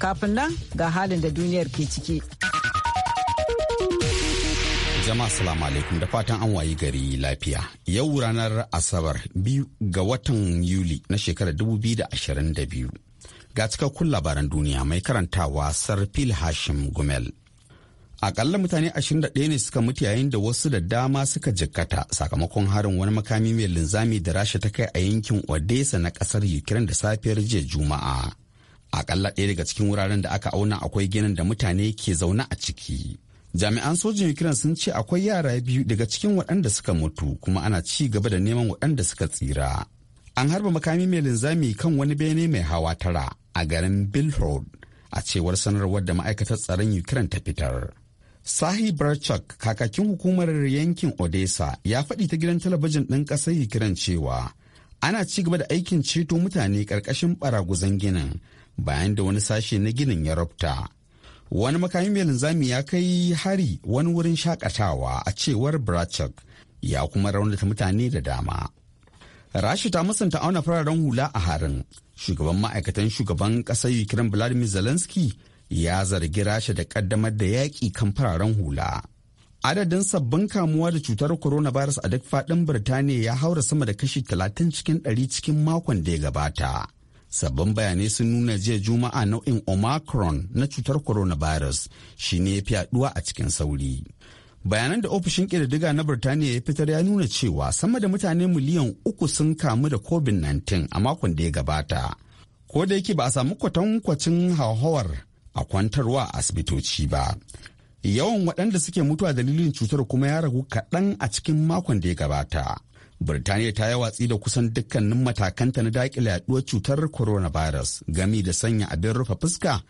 Kafin nan ga halin da duniyar ke ciki. Jama'a salamu alaikum da fatan an wayi gari lafiya. Yau ranar Asabar biyu ga watan Yuli na shekarar 2022. Ga cikakkun labaran duniya mai karantawa phil Hashim Gumel. Akalla mutane 21 ne suka mutu yayin da wasu da dama suka jikkata sakamakon harin wani makami mai linzami da rasha ta kai a yankin Odessa na kasar Ukraine da safiyar jiya Juma'a. akalla ɗaya daga cikin wuraren da aka auna akwai ginin da mutane ke zaune a ciki jami'an sojin ukraine sun ce akwai yara biyu daga cikin waɗanda suka mutu kuma ana ci gaba da neman waɗanda suka tsira an harba makami mai linzami kan wani bene mai hawa tara a garin billroad a cewar sanarwar da ma'aikatar tsaron ukraine ta fitar sahi barchak kakakin hukumar yankin odessa ya faɗi ta gidan talabijin ɗin ƙasar ukraine cewa ana ci gaba da aikin ceto mutane ƙarƙashin ɓaraguzan ginin bayan da wani sashe na ginin ya rabta. Wani makamin mai linzami ya kai hari wani wurin shakatawa a cewar Brachuk ya kuma raunata mutane da dama. Rashi ta musanta auna fararen hula a harin. Shugaban ma'aikatan shugaban ƙasar Ukraine Vladimir Zelensky ya zargi Rasha da ƙaddamar da yaƙi kan fararen hula. adadin sabbin kamuwa da cutar coronavirus a duk faɗin birtaniya ya haura sama da kashi 30 cikin 100 cikin makon da ya gabata sabbin bayanai sun nuna jiya juma'a nau'in omicron na cutar coronavirus shi ne ya fi yaduwa a cikin sauri bayanan da ofishin ƙididdiga na birtaniya ya fitar ya nuna cewa sama da mutane miliyan uku sun kamu da covid-19 a makon da ya gabata ko da yake ba a samu kwatankwacin hauhawar a kwantarwa a asibitoci ba yawan waɗanda suke mutuwa dalilin cutar kuma ya ragu kaɗan a cikin makon da ya gabata Birtaniya ta yi watsi da kusan dukkanin matakanta na daƙile yaduwar cutar coronavirus gami da sanya abin rufe fuska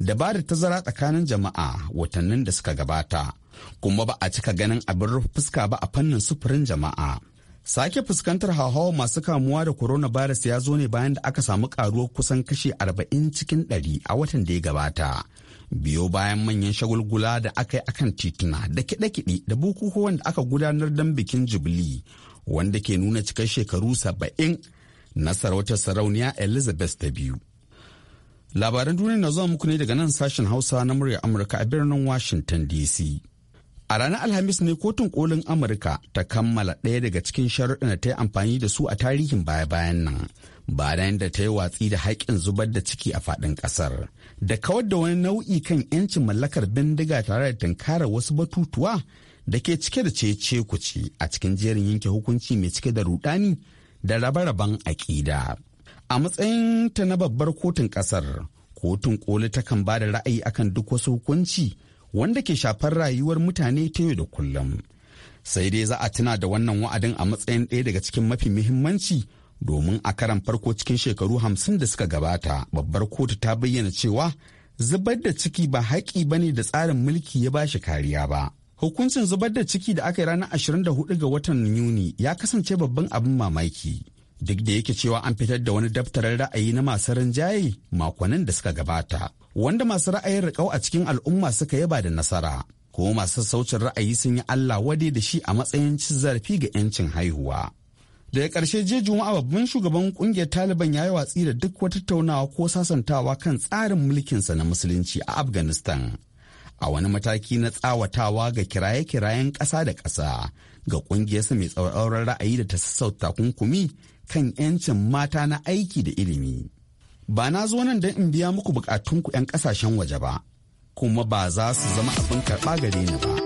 da ba da tazara tsakanin jama'a watannin da suka gabata, kuma ba a cika ganin abin rufe fuska ba a fannin sufurin jama'a. Sake fuskantar hauhawar masu kamuwa da coronavirus ya zo ne bayan da aka samu karuwar kusan kashi arba'in cikin 100 a watan da ya gabata. biyo bayan manyan shagulgula da aka yi akan tituna da kiɗe-kiɗe da bukukuwan da aka gudanar don bikin jubilee. wanda ke nuna cikar shekaru saba'in na sarautar sarauniya elizabeth ta biyu labaran duniya na zuwa muku ne daga nan sashen hausa na murya amurka a birnin washington dc a ranar alhamis ne kotun kolin amurka ta kammala ɗaya daga cikin sharuɗin da ta yi amfani da su a tarihin baya-bayan nan bayan da ta yi watsi da haƙƙin zubar da ciki a faɗin ƙasar da kawar da wani nau'i kan 'yancin mallakar bindiga tare da tunkarar wasu batutuwa da ke cike da ku kuce a cikin jerin yanke hukunci mai cike da rudani da rabe-raben aƙida. A matsayin ta na babbar kotun ƙasar, kotun koli takan ba da ra'ayi akan duk wasu hukunci wanda ke shafar rayuwar mutane ta yau da kullum. Sai dai za a tuna da wannan wa'adin a matsayin ɗaya daga cikin mafi muhimmanci domin a karan farko cikin shekaru hamsin da suka gabata babbar kotu ta bayyana cewa zubar da ciki ba haƙi ba ne da tsarin mulki ya ba shi kariya ba Hukuncin zubar da ciki da aka yi ranar 24 ga watan Yuni ya kasance babban abin mamaki. Duk da yake cewa an fitar da wani daftarin ra'ayi na masu rinjaye makonnin da suka gabata, wanda masu ra'ayin riƙau a cikin al'umma suka yaba da nasara, kuma masu saucin ra'ayi sun yi Allah wade da shi a matsayin cin zarafi ga 'yancin haihuwa. Daga ƙarshe je Juma'a babban shugaban ƙungiyar Taliban ya yi watsi da duk wata tattaunawa ko sasantawa kan tsarin mulkinsa na musulunci a Afghanistan. a wani mataki na tsawatawa ga kiraye-kirayen ƙasa da ƙasa ga ƙungiyarsa mai tsauraran ra'ayi da ta sassauta takunkumi kan 'yancin mata na aiki da ilimi. Ba na zo nan don in biya muku bukatunku 'yan ƙasashen waje ba, kuma ba za su zama abin karɓa gare ni ba.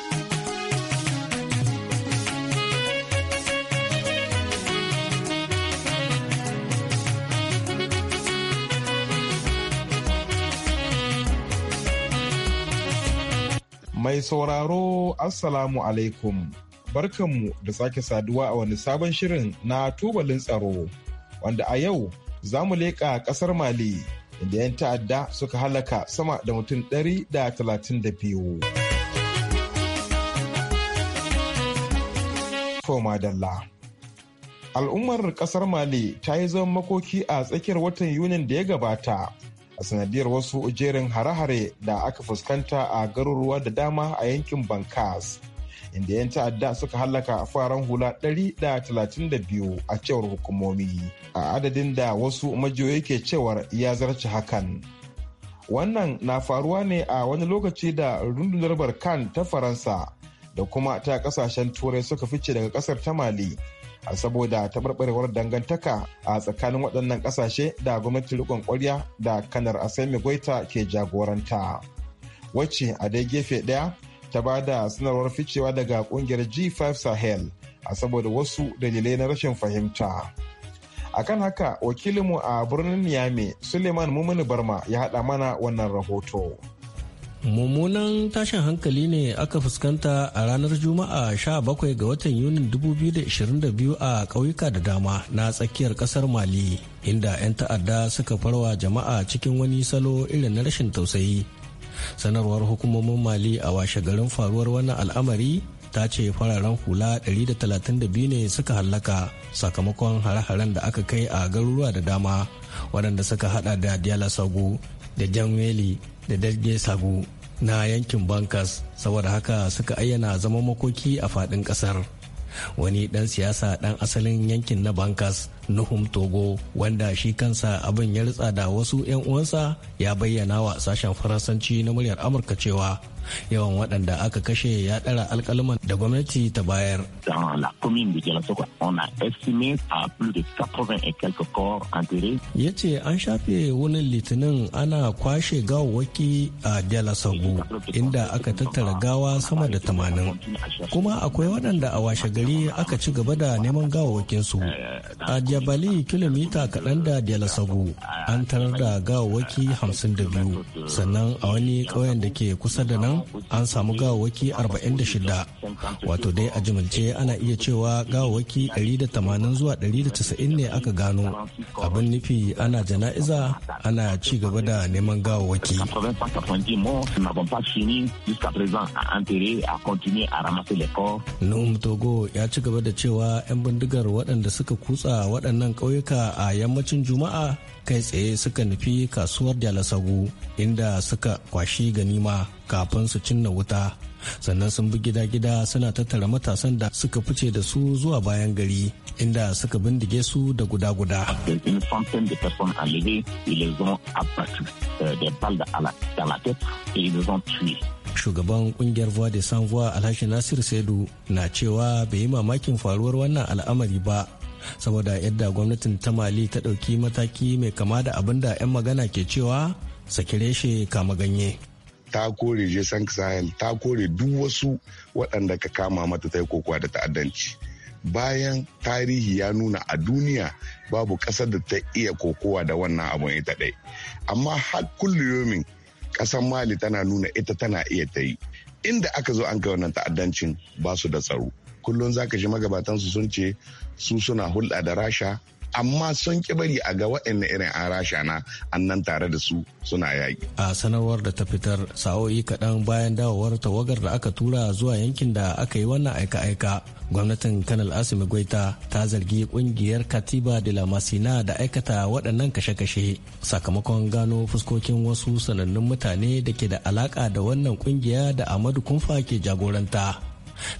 Mai sauraro Assalamu alaikum. Barkanmu da sake saduwa a wani sabon shirin na tubalin tsaro wanda a yau za mu leƙa ƙasar Mali inda 'yan ta'adda suka halaka sama da mutum ɗari da da talatin 132. Al'ummar ƙasar Mali ta yi zaman makoki a tsakiyar watan Yunin da ya gabata a sanadiyar wasu jerin hare-hare da aka fuskanta a garuruwa da dama a yankin bankas inda 'yan ta'adda suka hallaka faran hula 132 a cewar hukumomi a adadin da wasu majiyoyi ke cewar ya zarce hakan wannan na faruwa ne a wani lokaci da rundunar barkan ta faransa da kuma ta kasashen turai suka fice daga kasar ta mali saboda taɓarɓarewar dangantaka a tsakanin waɗannan ƙasashe da gwamnatin riƙon ƙwarya da kanar asemi goita ke jagoranta wacce a dai gefe ɗaya ta ba da sanarwar ficewa daga ƙungiyar g5 sahel a saboda wasu dalilai na rashin fahimta akan haka wakilinmu a birnin niamey suleiman mumini barma ya haɗa mana wannan rahoto. mummunan tashin hankali ne aka fuskanta a ranar juma'a 17 ga watan yunin 2022 a ƙauyuka da dama na tsakiyar ƙasar mali inda 'yan ta'adda suka farwa jama'a cikin wani salo irin na rashin tausayi sanarwar hukumomin mali a washe garin faruwar wannan al'amari ta ce fararen hula 132 ne suka hallaka sakamakon hare-haren da aka kai a garuruwa da dama waɗanda suka hada da diala sagu da weli da dalge sagu na yankin bankas saboda haka suka ayyana zama makoki a faɗin ƙasar wani dan siyasa dan asalin yankin na bankas nuhum togo wanda shi kansa abin ya ritsa da wasu 'yan uwansa ya bayyana wa sashen faransanci na muryar amurka cewa yawan waɗanda aka kashe ya ɗara alkalaman da gwamnati ta bayar. ya ce an shafe wani litinin ana kwashe gawawwaki a jalasagu inda aka tattara gawa sama da tamanin kuma akwai waɗanda a washe gari aka ci gaba da neman su a jabali kilomita kaɗan da dalasago an tarar da gawawaki 52 sannan a wani ƙauyen da ke kusa da nan an samu gawawaki 46 wato dai a jimilce ana iya cewa gawawaki 180 zuwa 190 ne aka gano abin nufi ana jana'iza ana ci gaba da neman gawawaki Nous, Togo ya ci gaba da cewa 'yan bindigar waɗanda suka kutsa waɗannan ƙauyuka a yammacin juma'a kai tsaye suka nufi kasuwar dalasagu inda suka kwashi ganima kafin su cinna wuta sannan sun bi gida-gida suna tattara matasan da suka fice da su zuwa bayan gari inda suka bindige su da guda-guda. Uh, Shugaban kungiyar Voix de Sans Alhaji Nasir Saidu na cewa bai yi mamakin faruwar wannan al'amari ba saboda yadda gwamnatin ta Mali ta ɗauki mataki mai kama da abin da 'yan magana ke cewa sakire shi kama ganye. ta kore jason sahel ta kore duk wasu waɗanda ka kama mata ta yi kokowa da ta'addanci bayan tarihi ya nuna a duniya babu ƙasar da ta iya kokowa da wannan abun ita ɗai amma har kulliyomin ƙasar mali tana nuna ita tana iya ta yi inda aka zo an kai wannan ta'addancin ba su da tsaro kullum za ka shi magabatansu sun ce su suna hulɗa da rasha amma sun ki bari a ga waɗanne irin an rasha na annan tare da su suna yaƙi. a sanarwar da ta fitar sa'o'i kaɗan bayan dawowar tawagar da aka tura zuwa yankin da aka yi wannan aika-aika gwamnatin kanal asimi gwaita ta zargi ƙungiyar katiba de la masina da aikata waɗannan kashe-kashe sakamakon gano fuskokin wasu sanannun mutane da ke da alaƙa da wannan ƙungiya da amadu kumfa ke jagoranta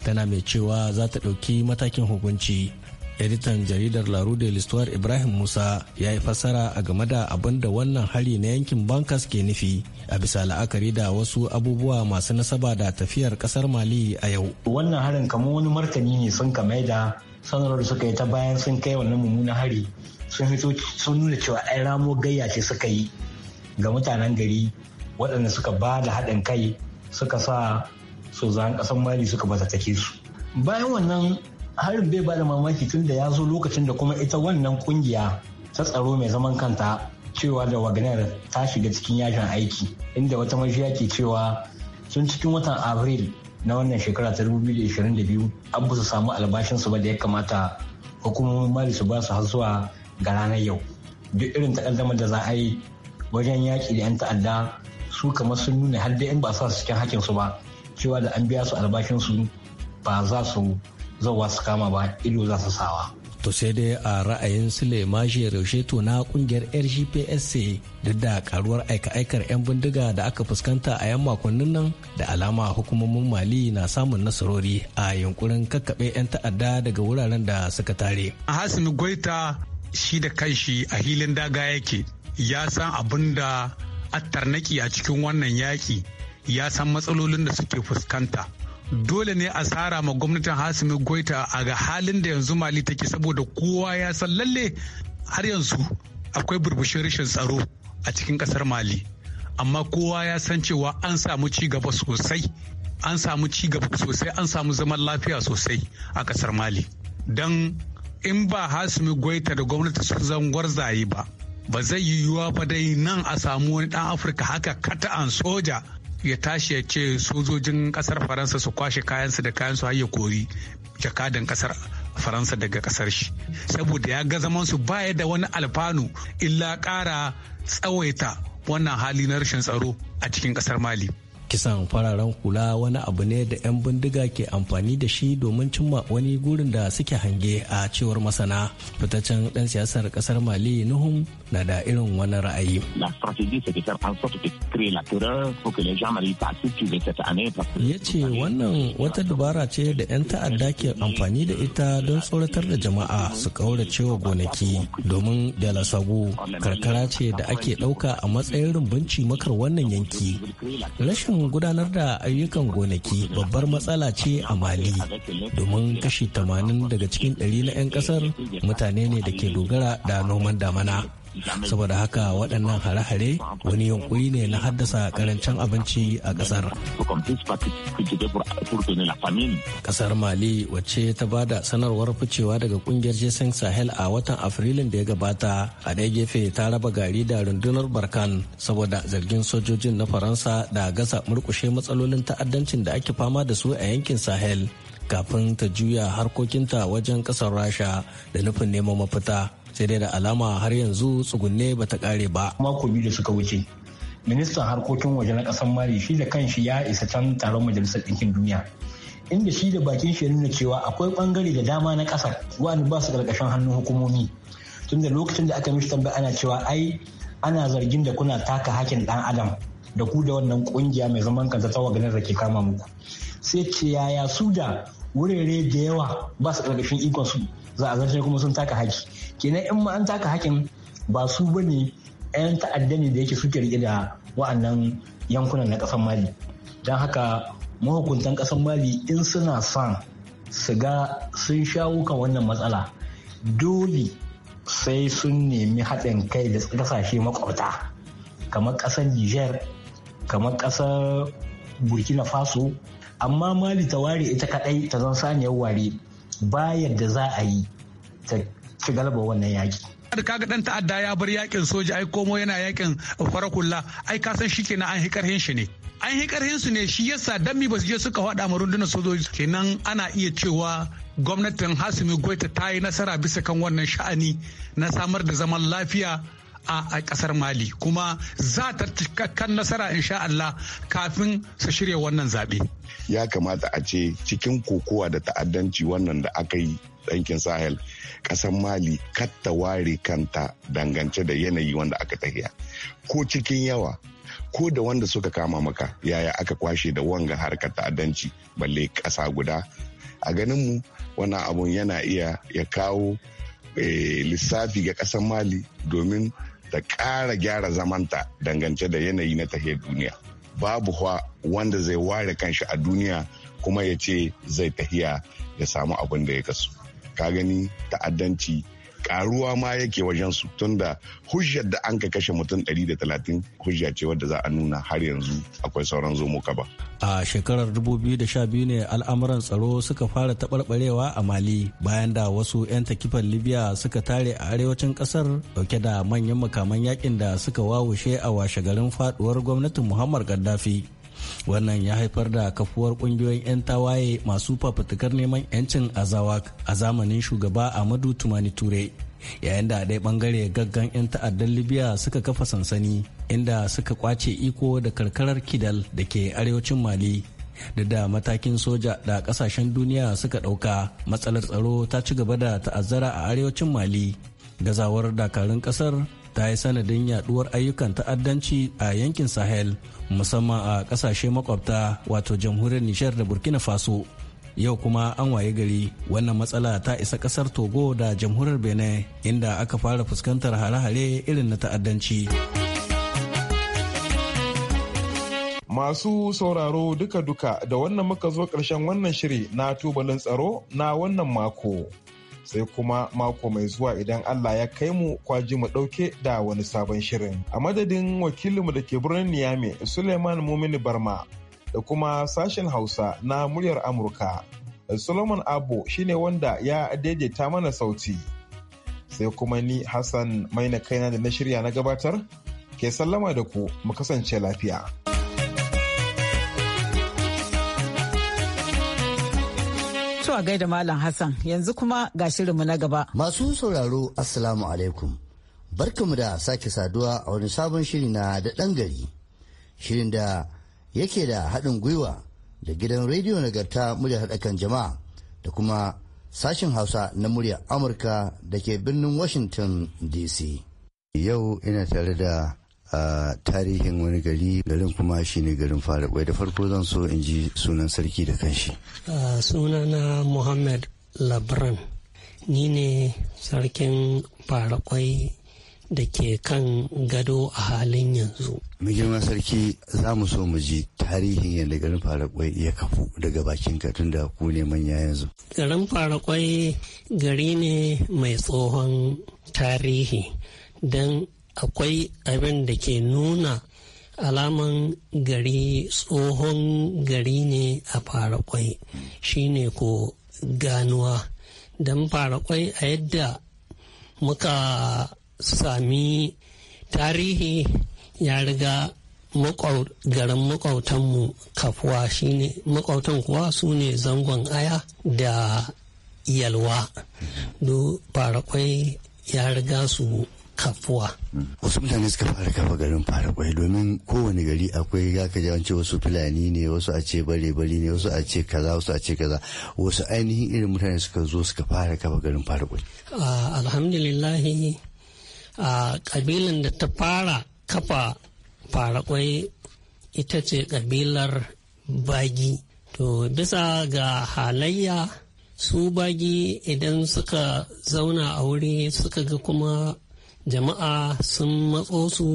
tana mai cewa za ta ɗauki matakin hukunci editan jaridar laru de l'histoire ibrahim musa ya yi fassara a game da abin da wannan hari na yankin bankas ke nufi a bisa la'akari da wasu abubuwa masu nasaba da tafiyar kasar mali a yau wannan harin kamar wani martani ne sun kama da sanarwar suka yi ta bayan sun kai wannan mummunan hari sun fito sun nuna cewa ai ramo gayya ce suka yi ga mutanen gari waɗanda suka ba da haɗin kai suka sa su zan ƙasar mali suka ta take su bayan wannan harin bai ba da mamaki tun da ya zo lokacin da kuma ita wannan kungiya ta tsaro mai zaman kanta cewa da wagner ta shiga cikin yashin aiki inda wata mashiya ke cewa sun cikin watan abril na wannan shekara ta 2022 an su samu albashinsu ba da ya kamata hukumomin mali su ba su har zuwa ga ranar yau duk irin takaddamar da za a yi wajen yaƙi da 'yan ta'adda su kamar sun nuna har da 'yan ba sa su cikin hakinsu ba cewa da an biya su albashinsu ba za su zauwa su kama ba ido za su sawa to sai dai a ra'ayin Raushe to na kungiyar RGPSC duk da karuwar aika-aikar 'yan bindiga da aka fuskanta a 'yan makonnin nan da alama hukumomin Mali na samun nasarori a yunkurin kakkaɓe 'yan ta'adda daga wuraren da suka tare. A Hassan Goita shi da kanshi a hilin daga yake ya san abin da attarnaki a cikin wannan yaki ya san matsalolin da suke fuskanta dole ne a tsara ma gwamnatin hasimi goita a ga halin da yanzu mali take saboda kowa ya san lalle har yanzu akwai burbushin rashin tsaro a cikin kasar mali amma kowa ya san cewa an samu ci gaba sosai an samu ci gaba sosai an samu zaman lafiya sosai a kasar mali don in ba hasimi goita da gwamnati sun zangwar zaye ba ba zai yiwuwa ba dai nan a samu wani dan afirka haka kata an soja ya tashi ya ce sojojin kasar faransa su kwashe kayansu da kayansu har ya kori jakadan kasar faransa daga kasar shi saboda ya ga zaman su baya da wani alfanu illa kara tsawaita wannan hali na rashin tsaro a cikin kasar mali kisan fararen kula wani abu ne da 'yan bindiga ke amfani da shi domin cimma wani gurin da suke hange a cewar masana fitaccen dan siyasar kasar mali nuhun na da irin wani ra'ayi ya ce wannan wata dabara ce da 'yan ta'adda ke amfani da ita don tsoratar da jama'a su kaura cewa gonaki domin dalasago karkara ce da ake ɗauka a matsayin rumbunci makar wannan yanki rashin rashin gudanar da ayyukan gonaki babbar matsala ce a mali domin kashi 80 daga cikin 100 na 'yan kasar mutane ne da ke dogara da noman damana saboda haka waɗannan hare-hare wani yunkuri ne na haddasa karancin abinci a ƙasar ƙasar mali wacce ta ba da sanarwar ficewa daga ƙungiyar jason sahel a watan afrilun da ya gabata a ɗaya gefe ta raba gari da rundunar barkan saboda zargin sojojin na faransa da gasa murkushe matsalolin ta'addancin da ake fama da su a yankin sahel kafin ta juya harkokinta wajen ƙasar rasha da nufin neman mafita sai dai da alama har yanzu tsugunne ba ta kare ba mako biyu da suka wuce ministan harkokin waje na kasan mali shi da kanshi ya isa can taron majalisar ɗinkin duniya inda shi da bakin shi ya nuna cewa akwai bangare da dama na kasar wani ba su karkashin hannun hukumomi tunda lokacin da aka mishi tambaya ana cewa ai ana zargin da kuna taka hakin dan adam da ku da wannan kungiya mai zaman kanta ta waganar da ke kama muku sai ce yaya su da wurare da yawa ba su karkashin ikon su za a zarce kuma sun taka haki kenan in ma an taka hakin ba su ba ne yan ta'adda ne da yake suke rike da wa'annan yankunan na ƙasar mali don haka mahukuntan ƙasar mali in suna son su ga sun shawo kan wannan matsala dole sai sun nemi haɗin kai da ƙasashe makwabta kamar ƙasar niger kamar ƙasar burkina faso amma mali ta ware ita kaɗai ta zan saniyar ware bayar da za a yi ta su galaba wannan yaki. da kaga dan ta'adda ya bar yakin soja ai komo yana yakin farakulla ai ka san shi kenan an hi karhin shi ne an hi karhin su ne shi yasa dan mi basu je suka faɗa ma rundunar sojoji kenan ana iya cewa gwamnatin hasimi Goita ta yi nasara bisa kan wannan sha'ani na samar da zaman lafiya a kasar mali kuma za ta kan nasara insha Allah kafin su shirya wannan zaɓe. ya kamata a ce cikin kokowa da ta'addanci wannan da aka yi ɗankin sahel ƙasar mali katta ware kanta dangance da yanayi wanda aka tahiya ko cikin yawa ko da wanda suka kama maka yaya aka kwashe da wanga harkar ta'addanci balle ƙasa guda a ganinmu wannan abun yana iya ya kawo eh, lissafi ga ƙasar mali domin ta ƙara gyara zamanta dangance da yanayi na tahiyar duniya babu wanda zai ware kanshi a duniya kuma ya ce zai tahiya ya samu abin da ya kasu ka gani ta'addanci karuwa ma yake wajen su tunda hujjar da an ka kashe mutum 130 hujja ce wadda za a nuna har yanzu akwai sauran zomo kaba. A shekarar 2012 ne al'amuran tsaro suka fara taɓarɓarewa a Mali bayan da wasu 'yan takifan Libya suka tare a arewacin ƙasar dauke da manyan makaman yakin da suka wawushe a washe garin faduwar gwamnatin Muhammad Gaddafi. wannan ya haifar da kafuwar kungiyoyin 'yan tawaye masu fafutukar neman 'yancin azawak a zamanin shugaba amadu tumani ture yayin da ɗaya ɓangare gaggan 'yan ta'addar libya suka kafa sansani inda suka kwace iko da karkarar kidal da ke arewacin mali da da matakin soja da kasashen duniya suka ɗauka matsalar tsaro ta ci gaba da ta'azzara a arewacin mali gazawar dakarun ƙasar ta yi sanadin yaduwar ayyukan ta'addanci a yankin sahel musamman a kasashe makwabta wato jamhuriyar nishar da burkina faso yau kuma an waye gari wannan matsala ta isa kasar togo da jamhuriyar benin inda aka fara fuskantar hare-hare irin na ta'addanci masu sauraro duka-duka da wannan muka zo karshen wannan shiri na tubalin tsaro na wannan mako sai kuma mako mai zuwa idan Allah ya kai mu kwaji mu ɗauke da wani sabon shirin. A madadin wakilinmu da ke birnin Niyame Suleiman Mumini Barma da kuma sashen Hausa na muryar Amurka. Solomon Abo shine wanda ya daidaita mana sauti. Sai kuma ni Hassan maina kaina da na shirya na gabatar, ke sallama da ku mu kasance lafiya. To a gaida Malam Hassan yanzu kuma ga shirinmu na gaba. Masu sauraro Assalamu alaikum. Barkamu da sake saduwa a wani sabon shiri na da ɗan gari. Shirin da yake da haɗin gwiwa da gidan rediyo nagarta muryar haɗakan jama'a da kuma sashin Hausa na murya Amurka da ke birnin Washington DC. Yau ina tare da a tarihin wani gari garin kuma shi ne garin fara da farko zan so in ji sunan sarki da kanshi sunana muhammad labran ni ne sarkin fara da ke kan gado a halin yanzu mu girma sarki za mu so mu ji tarihin yadda garin farakwai ya kafu daga bakin katun da ku ne manya yanzu garin farakwai gari ne mai tsohon tarihi don akwai abin da ke nuna alaman gari tsohon gari ne a farakwai shine ko ganuwa don farakwai a yadda muka sami tarihi ya riga garin makwautanmu kafuwa shine makwautan kuwa su ne zangon aya da yalwa do farakwai ya riga su kafuwa. Mm. Wasu mutane suka fara kafa garin farakwai domin kowane gari akwai ya ka ce wasu fulani ne wasu a ce bare bari ne wasu a ce kaza wasu a ce kaza wasu ainihin irin mutane suka zo suka fara kafa garin faraƙwai. Alhamdulillahi a kabilan da ta fara kafa farakwai ita ce kabilar bagi. To bisa ga halayya su bagi idan suka zauna a wuri suka ga kuma jama'a sun matso su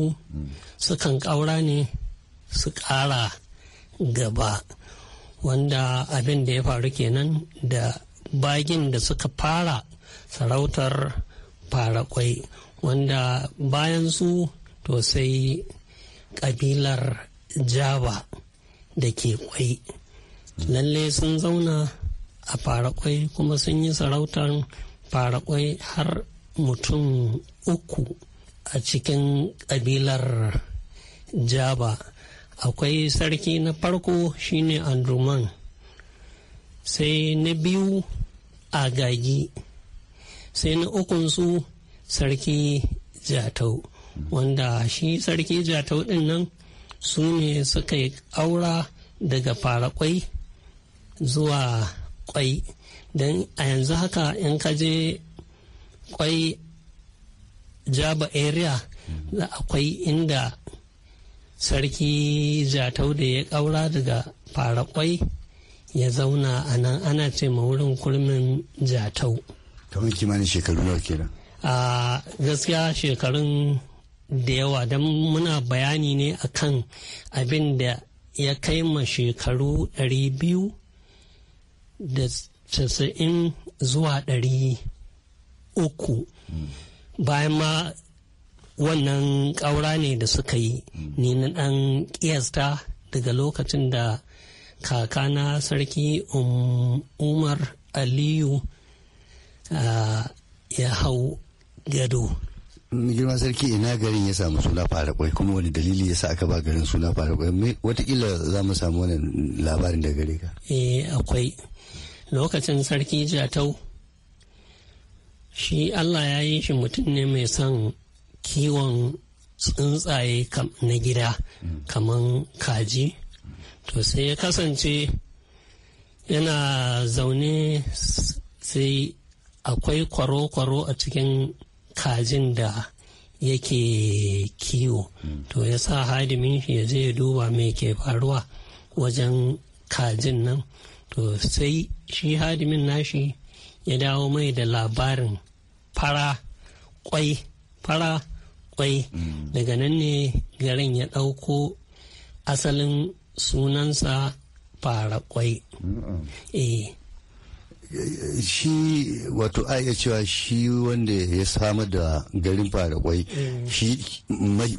sukan kaura ne su ƙara gaba wanda abin da ya faru kenan da bagin da suka fara sarautar farakwai wanda bayan su to sai kabilar java da ke kwai lalle sun zauna a farakwai kuma sun yi sarautar farakwai har mutum uku a cikin ƙabilar jaba akwai sarki na farko shine anduman sai na biyu agagi sai na ukunsu sarki jatau wanda shi sarki jatau din nan su ne suka yi aura daga fara kwai zuwa kwai don a yanzu haka in ka je kwai jaba area da akwai inda sarki jatau da ya ƙaura daga farakwai ya zauna a nan ana ce ma wurin kurmin jatau kamar kimanin shekaru nawa kenan a gaskiya shekarun da yawa don muna bayani ne akan abin da ya kai ma shekaru 200 da 90 zuwa 300 bayan ma wannan ƙaura ne da suka yi ni na ɗan ƙiyasta daga lokacin da kakana sarki um, umar aliyu ya hau gado girma sarki ina garin ya samu suna farakwai kuma wani dalili ya sa aka ba garin suna farakwai watakila za mu samu wani labarin da gare ka eh akwai lokacin sarki jatau shi allah ya yi shi mutum ne mai son kiwon tsuntsaye na gida kaman kaji to sai ya kasance yana zaune sai akwai kwaro-kwaro a cikin kajin da yake kiwo to ya sa hadimin shi ya je duba mai ke faruwa wajen kajin nan to sai shi hadimin nashi ya dawo mai da labarin fara kwai fara kwai daga nan ne garin ya ɗauko asalin sunansa fara kwai eh. shi wato a cewa shi wanda ya samu da garin fara kwai eh. shi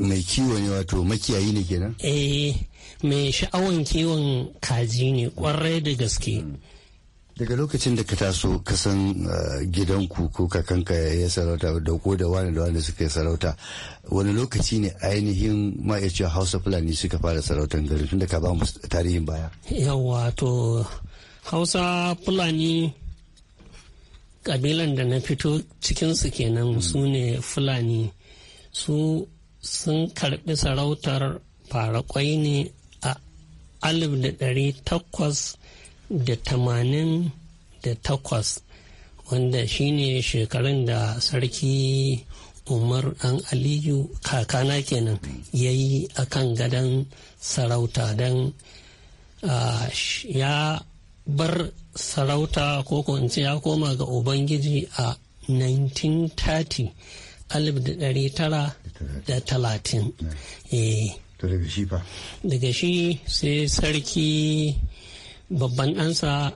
mai kiwo ne wato makiyayi ne kenan? eh mai sha'awan kiwon kaji ne kwarai da gaske mm. daga lokacin da ka taso kasan gidan eh, gidanku ko kakanka ya sarauta da ko da wani da wani suka sarauta wani lokaci ne ainihin ma ya hausa fulani suka fara sarautan gari tun da ka ba mu tarihin baya yawa to hausa fulani kabilan da na fito cikinsu kenan hmm. su ne fulani su sun karbi sarautar farakwai ne a alif da ɗari takwas da tamanin da takwas wanda shine shekarun da sarki umar dan aliyu kakana kenan ya yi a kan gadon sarauta don ya bar sarauta ko ce ya koma ga ubangiji a 1930 1930 eh. daga shi sai sarki babban ɗansa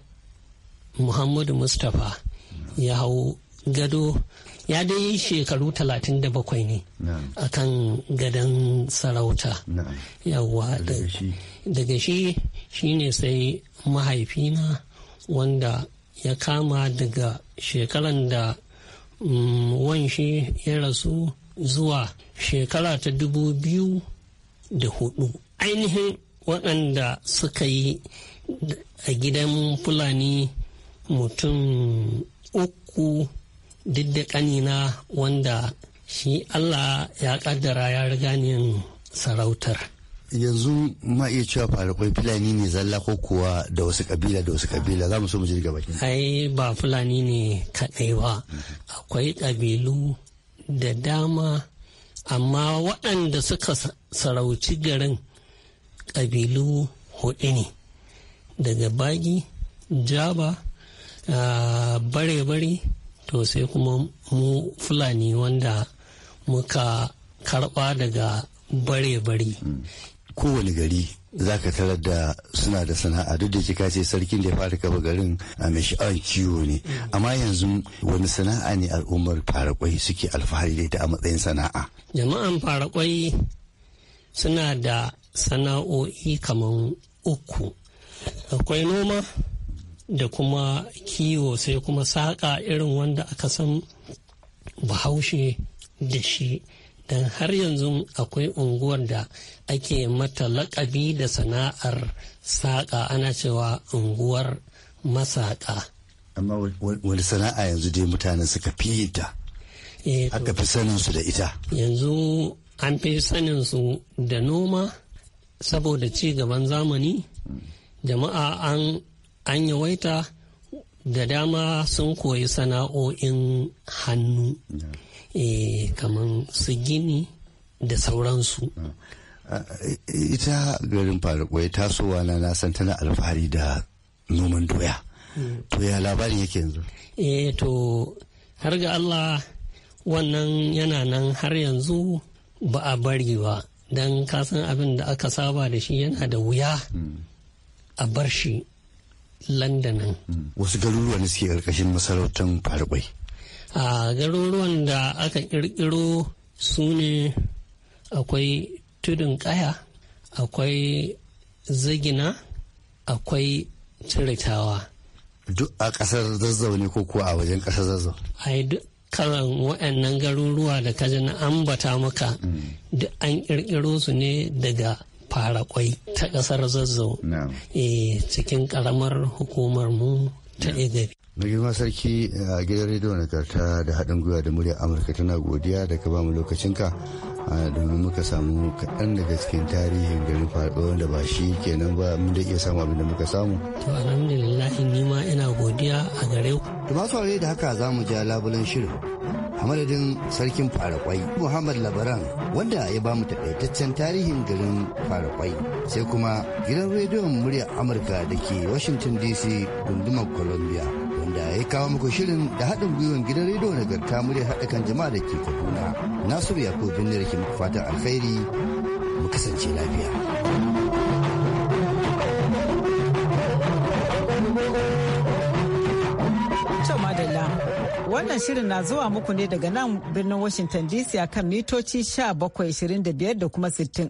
muhammadu mustapha ya hau gado ya dai shekaru 37 ne a kan gadon sarauta yawa daga shi shi ne sai mahaifina wanda ya kama daga shekaran da mm, wanshi ya rasu zuwa shekara ta dubu biyu da hudu ainihin waɗanda suka yi a gidan fulani mutum uku duk da kanina wanda shi allah ya kaddara ya riga sarautar yanzu ma iya cewa fulani ne zalla ko kuwa da wasu kabila da wasu kabila za mu so mu jirga baki ai ba fulani ne kaɗai ba akwai ƙabilu da dama amma waɗanda suka sarauci garin ƙabilu hudu ne daga bagi jaba bare-bare to sai kuma mu fulani wanda muka karba daga bare-bare kowane gari za ka tarar da suna da sana'a duk da kika ce sarkin da ya fara kafa garin a mai sha'awar kiwo ne amma yanzu wani sana'a ne al'ummar farakwai suke alfahari da ita a matsayin sana'a jama'an farakwai suna da sana'o'i kamar uku akwai noma da kuma kiwo sai kuma saƙa irin wanda aka san bahaushe da shi don har yanzu akwai unguwar da ake mata lakabi da sana'ar saƙa ana cewa unguwar masaƙa amma wani sana'a yanzu dai mutane suka fi ta eh, aka fi saninsu da ita yanzu an fi saninsu da noma saboda ci gaban zamani jama'a an an yawaita da dama sun koyi sana'o'in hannu eh, kamar su gini da sauransu uh, ita garin farakwai tasowa na nasan tana alfahari da noman doya hmm. to ya labarin yake yanzu eh to har ga allah wannan yana nan har yanzu ba a bari ba don kasan abin da aka saba da shi yana da wuya mm. a bar shi landanin wasu garuruwa ne suke ƙarƙashin masarautar farbai a garuruwan da aka ƙirƙiro su ne akwai tudun ƙaya akwai zagina akwai ciritawa duk a ƙasar zazzau ne ko kuwa a wajen ƙasar zazzau ai duk karan waɗannan garuruwa da ka na ambata maka mm. duk an ƙirƙiro su ne daga fara kwai ta mm. kasar zazzau eh, cikin karamar hukumar mu ta egabi mai girma sarki a gidan rediyo na karta da haɗin gwiwa da murya amurka tana godiya da ka bamu lokacinka domin muka samu kaɗan daga cikin tarihin garin faɗo da ba shi kenan ba mun da iya samu abin da muka samu. to alhamdulillah ni ma ina godiya a gare ku. da masu da haka za mu ja labulen shirin a sarkin farakwai muhammad labaran wanda ya ba mu tarihin garin farakwai sai kuma gidan rediyon murya amurka da ke washington dc gundumar columbia da ya kawo muku shirin da haɗin gwiwan gidan rediyo na garta muryar haɗa kan jama'a da ke kaduna nasiru yakubu bin da ke muku fatan alkhairi mu kasance lafiya Wannan shirin na zuwa muku ne daga nan birnin Washington DC a kan mitoci 1725 da kuma 60.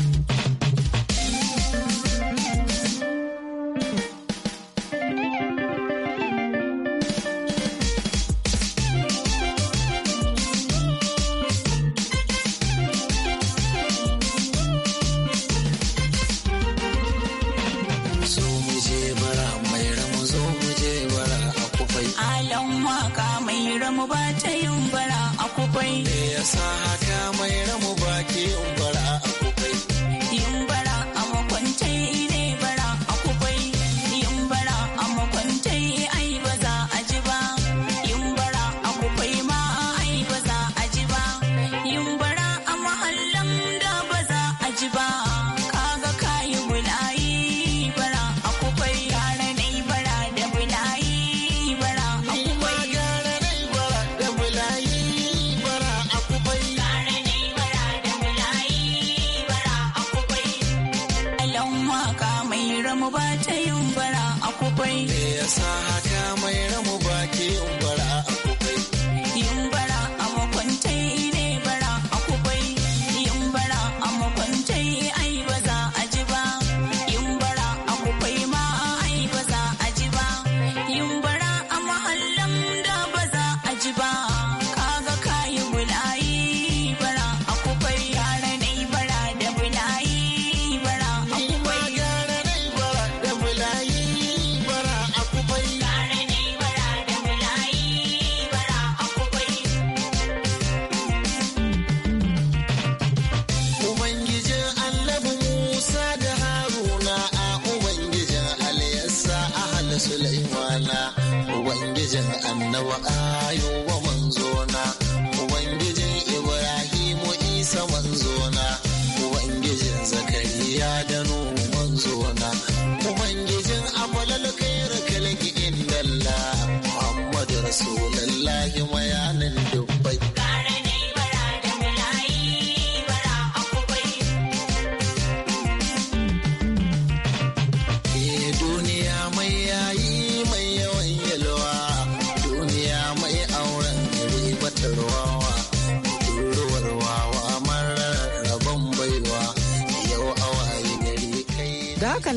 mu ba